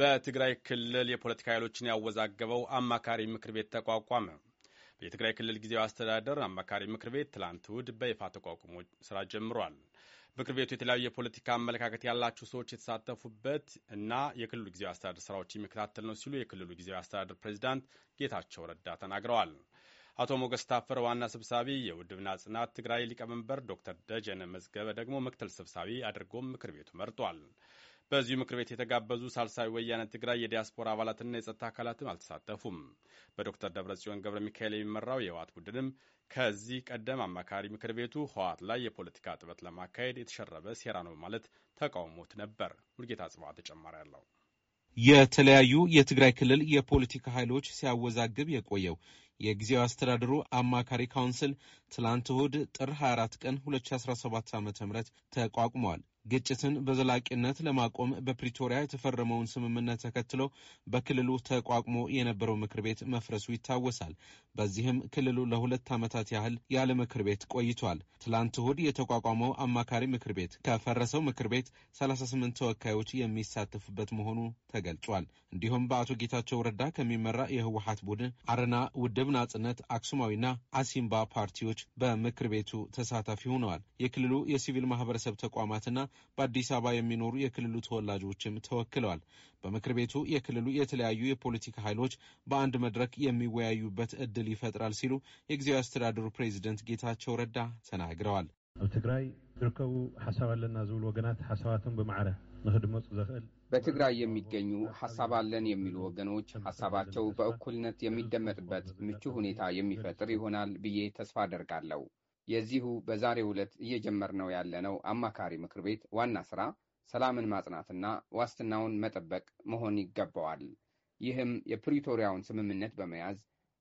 በትግራይ ክልል የፖለቲካ ኃይሎችን ያወዛገበው አማካሪ ምክር ቤት ተቋቋመ። የትግራይ ክልል ጊዜያዊ አስተዳደር አማካሪ ምክር ቤት ትላንት እሁድ በይፋ ተቋቁሞ ስራ ጀምሯል። ምክር ቤቱ የተለያዩ የፖለቲካ አመለካከት ያላቸው ሰዎች የተሳተፉበት እና የክልሉ ጊዜያዊ አስተዳደር ስራዎች የሚከታተል ነው ሲሉ የክልሉ ጊዜያዊ አስተዳደር ፕሬዚዳንት ጌታቸው ረዳ ተናግረዋል። አቶ ሞገስ ታፈር ዋና ሰብሳቢ፣ የውድብና ጽናት ትግራይ ሊቀመንበር ዶክተር ደጀነ መዝገበ ደግሞ ምክትል ሰብሳቢ አድርጎም ምክር ቤቱ መርጧል። በዚሁ ምክር ቤት የተጋበዙ ሳልሳዊ ወያነ ትግራይ የዲያስፖራ አባላትና የጸጥታ አካላትም አልተሳተፉም። በዶክተር ደብረጽዮን ገብረ ሚካኤል የሚመራው የህወሓት ቡድንም ከዚህ ቀደም አማካሪ ምክር ቤቱ ህወሓት ላይ የፖለቲካ ጥበት ለማካሄድ የተሸረበ ሴራ ነው በማለት ተቃውሞት ነበር። ሙልጌታ ጽባ ተጨማሪ አለው። የተለያዩ የትግራይ ክልል የፖለቲካ ኃይሎች ሲያወዛግብ የቆየው የጊዜያዊ አስተዳደሩ አማካሪ ካውንስል ትላንት እሁድ ጥር 24 ቀን 2017 ዓ ም ተቋቁሟል። ግጭትን በዘላቂነት ለማቆም በፕሪቶሪያ የተፈረመውን ስምምነት ተከትሎ በክልሉ ተቋቁሞ የነበረው ምክር ቤት መፍረሱ ይታወሳል። በዚህም ክልሉ ለሁለት ዓመታት ያህል ያለ ምክር ቤት ቆይቷል። ትላንት እሁድ የተቋቋመው አማካሪ ምክር ቤት ከፈረሰው ምክር ቤት 38 ተወካዮች የሚሳተፉበት መሆኑ ተገልጿል። እንዲሁም በአቶ ጌታቸው ረዳ ከሚመራ የህወሀት ቡድን፣ አረና፣ ውድብ ናጽነት፣ አክሱማዊና አሲምባ ፓርቲዎች በምክር ቤቱ ተሳታፊ ሆነዋል። የክልሉ የሲቪል ማህበረሰብ ተቋማትና በአዲስ አበባ የሚኖሩ የክልሉ ተወላጆችም ተወክለዋል። በምክር ቤቱ የክልሉ የተለያዩ የፖለቲካ ኃይሎች በአንድ መድረክ የሚወያዩበት እድል ይፈጥራል ሲሉ የጊዜያዊ አስተዳደሩ ፕሬዚደንት ጌታቸው ረዳ ተናግረዋል። ኣብ ትግራይ ዝርከቡ ሓሳብ ኣለና ዝብሉ ወገናት ሓሳባትን ብማዕረ ንክድመፁ ዘኽእል በትግራይ የሚገኙ ሀሳብ አለን የሚሉ ወገኖች ሀሳባቸው በእኩልነት የሚደመጥበት ምቹ ሁኔታ የሚፈጥር ይሆናል ብዬ ተስፋ አደርጋለሁ። የዚሁ በዛሬው ዕለት እየጀመርነው ያለነው አማካሪ ምክር ቤት ዋና ሥራ ሰላምን ማጽናትና ዋስትናውን መጠበቅ መሆን ይገባዋል። ይህም የፕሪቶሪያውን ስምምነት በመያዝ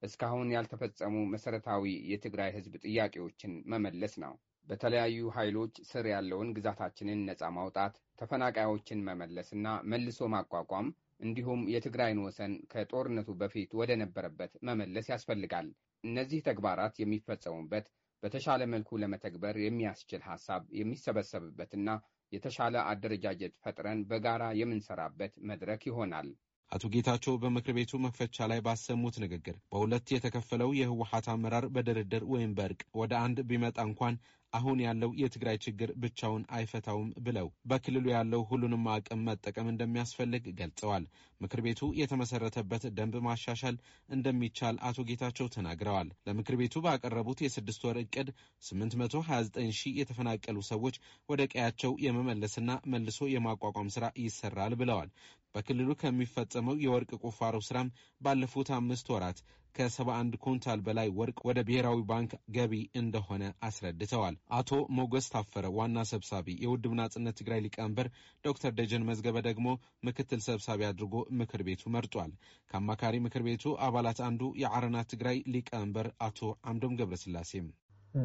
እስካሁን ያልተፈጸሙ መሠረታዊ የትግራይ ሕዝብ ጥያቄዎችን መመለስ ነው። በተለያዩ ኃይሎች ስር ያለውን ግዛታችንን ነፃ ማውጣት፣ ተፈናቃዮችን መመለስና መልሶ ማቋቋም እንዲሁም የትግራይን ወሰን ከጦርነቱ በፊት ወደ ነበረበት መመለስ ያስፈልጋል። እነዚህ ተግባራት የሚፈጸሙበት በተሻለ መልኩ ለመተግበር የሚያስችል ሀሳብ የሚሰበሰብበትና የተሻለ አደረጃጀት ፈጥረን በጋራ የምንሰራበት መድረክ ይሆናል። አቶ ጌታቸው በምክር ቤቱ መክፈቻ ላይ ባሰሙት ንግግር በሁለት የተከፈለው የህወሀት አመራር በድርድር ወይም በእርቅ ወደ አንድ ቢመጣ እንኳን አሁን ያለው የትግራይ ችግር ብቻውን አይፈታውም ብለው በክልሉ ያለው ሁሉንም አቅም መጠቀም እንደሚያስፈልግ ገልጸዋል። ምክር ቤቱ የተመሰረተበት ደንብ ማሻሻል እንደሚቻል አቶ ጌታቸው ተናግረዋል። ለምክር ቤቱ ባቀረቡት የስድስት ወር እቅድ 829 ሺህ የተፈናቀሉ ሰዎች ወደ ቀያቸው የመመለስና መልሶ የማቋቋም ስራ ይሰራል ብለዋል። በክልሉ ከሚፈጸመው የወርቅ ቁፋሮ ስራም ባለፉት አምስት ወራት ከ71 ኩንታል በላይ ወርቅ ወደ ብሔራዊ ባንክ ገቢ እንደሆነ አስረድተዋል። አቶ ሞገስ ታፈረ ዋና ሰብሳቢ፣ የውድብ ናጽነት ትግራይ ሊቀመንበር ዶክተር ደጀን መዝገበ ደግሞ ምክትል ሰብሳቢ አድርጎ ምክር ቤቱ መርጧል። ከአማካሪ ምክር ቤቱ አባላት አንዱ የአረና ትግራይ ሊቀመንበር አቶ አምዶም ገብረስላሴም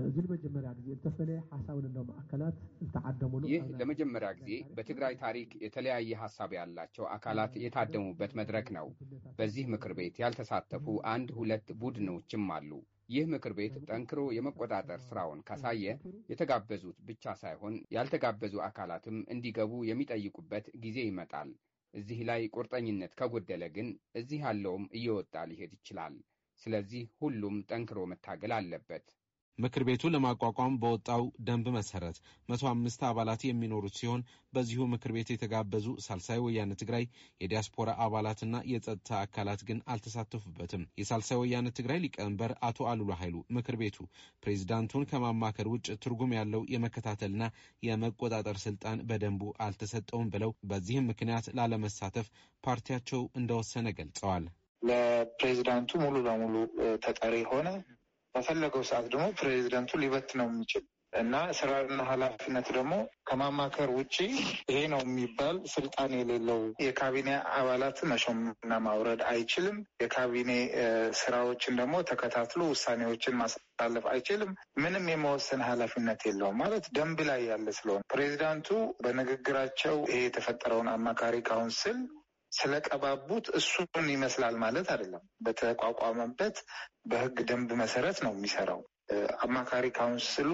እዚ ንመጀመርያ ግዜ ዝተፈለየ ኣካላት ዝተዓደሙሉ ይህ ለመጀመሪያ ጊዜ በትግራይ ታሪክ የተለያየ ሀሳብ ያላቸው አካላት የታደሙበት መድረክ ነው። በዚህ ምክር ቤት ያልተሳተፉ አንድ ሁለት ቡድኖችም አሉ። ይህ ምክር ቤት ጠንክሮ የመቆጣጠር ስራውን ካሳየ የተጋበዙት ብቻ ሳይሆን ያልተጋበዙ አካላትም እንዲገቡ የሚጠይቁበት ጊዜ ይመጣል። እዚህ ላይ ቁርጠኝነት ከጎደለ ግን እዚህ ያለውም እየወጣ ሊሄድ ይችላል። ስለዚህ ሁሉም ጠንክሮ መታገል አለበት። ምክር ቤቱ ለማቋቋም በወጣው ደንብ መሰረት መቶ አምስት አባላት የሚኖሩት ሲሆን በዚሁ ምክር ቤት የተጋበዙ ሳልሳይ ወያነ ትግራይ የዲያስፖራ አባላትና የጸጥታ አካላት ግን አልተሳተፉበትም። የሳልሳይ ወያነ ትግራይ ሊቀመንበር አቶ አሉላ ኃይሉ ምክር ቤቱ ፕሬዚዳንቱን ከማማከር ውጭ ትርጉም ያለው የመከታተልና የመቆጣጠር ስልጣን በደንቡ አልተሰጠውም ብለው በዚህም ምክንያት ላለመሳተፍ ፓርቲያቸው እንደወሰነ ገልጸዋል። ለፕሬዚዳንቱ ሙሉ ለሙሉ ተጠሪ ሆነ በፈለገው ሰዓት ደግሞ ፕሬዚደንቱ ሊበት ነው የሚችል እና ስራና ኃላፊነት ደግሞ ከማማከር ውጪ ይሄ ነው የሚባል ስልጣን የሌለው የካቢኔ አባላት መሾምና ማውረድ አይችልም። የካቢኔ ስራዎችን ደግሞ ተከታትሎ ውሳኔዎችን ማሳለፍ አይችልም። ምንም የመወሰን ኃላፊነት የለውም ማለት ደንብ ላይ ያለ ስለሆነ ፕሬዚዳንቱ በንግግራቸው ይሄ የተፈጠረውን አማካሪ ካውንስል ስለቀባቡት እሱን ይመስላል ማለት አይደለም። በተቋቋመበት በህግ ደንብ መሰረት ነው የሚሰራው። አማካሪ ካውንስሉ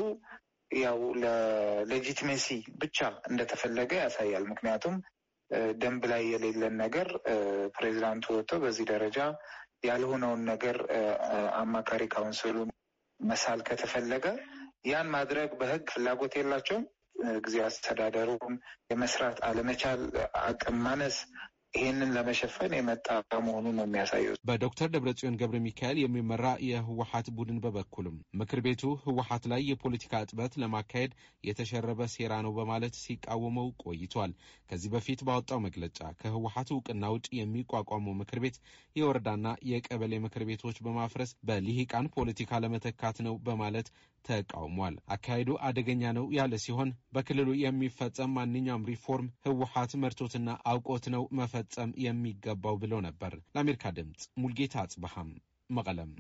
ያው ለሌጂትሜሲ ብቻ እንደተፈለገ ያሳያል። ምክንያቱም ደንብ ላይ የሌለን ነገር ፕሬዚዳንቱ ወጥቶ በዚህ ደረጃ ያልሆነውን ነገር አማካሪ ካውንስሉ መሳል ከተፈለገ ያን ማድረግ በህግ ፍላጎት የላቸውም። ጊዜ አስተዳደሩም የመስራት አለመቻል፣ አቅም ማነስ ይህንን ለመሸፈን የመጣ በመሆኑ ነው የሚያሳየው። በዶክተር ደብረጽዮን ገብረ ሚካኤል የሚመራ የህወሀት ቡድን በበኩልም ምክር ቤቱ ህወሀት ላይ የፖለቲካ እጥበት ለማካሄድ የተሸረበ ሴራ ነው በማለት ሲቃወመው ቆይቷል። ከዚህ በፊት ባወጣው መግለጫ ከህወሀት እውቅና ውጭ የሚቋቋመው ምክር ቤት የወረዳና የቀበሌ ምክር ቤቶች በማፍረስ በልሂቃን ፖለቲካ ለመተካት ነው በማለት ተቃውሟል። አካሄዱ አደገኛ ነው ያለ ሲሆን በክልሉ የሚፈጸም ማንኛውም ሪፎርም ህወሀት መርቶትና አውቆት ነው መፈ ሊፈጸም የሚገባው ብለው ነበር። ለአሜሪካ ድምፅ ሙልጌታ አጽበሃም መቀለም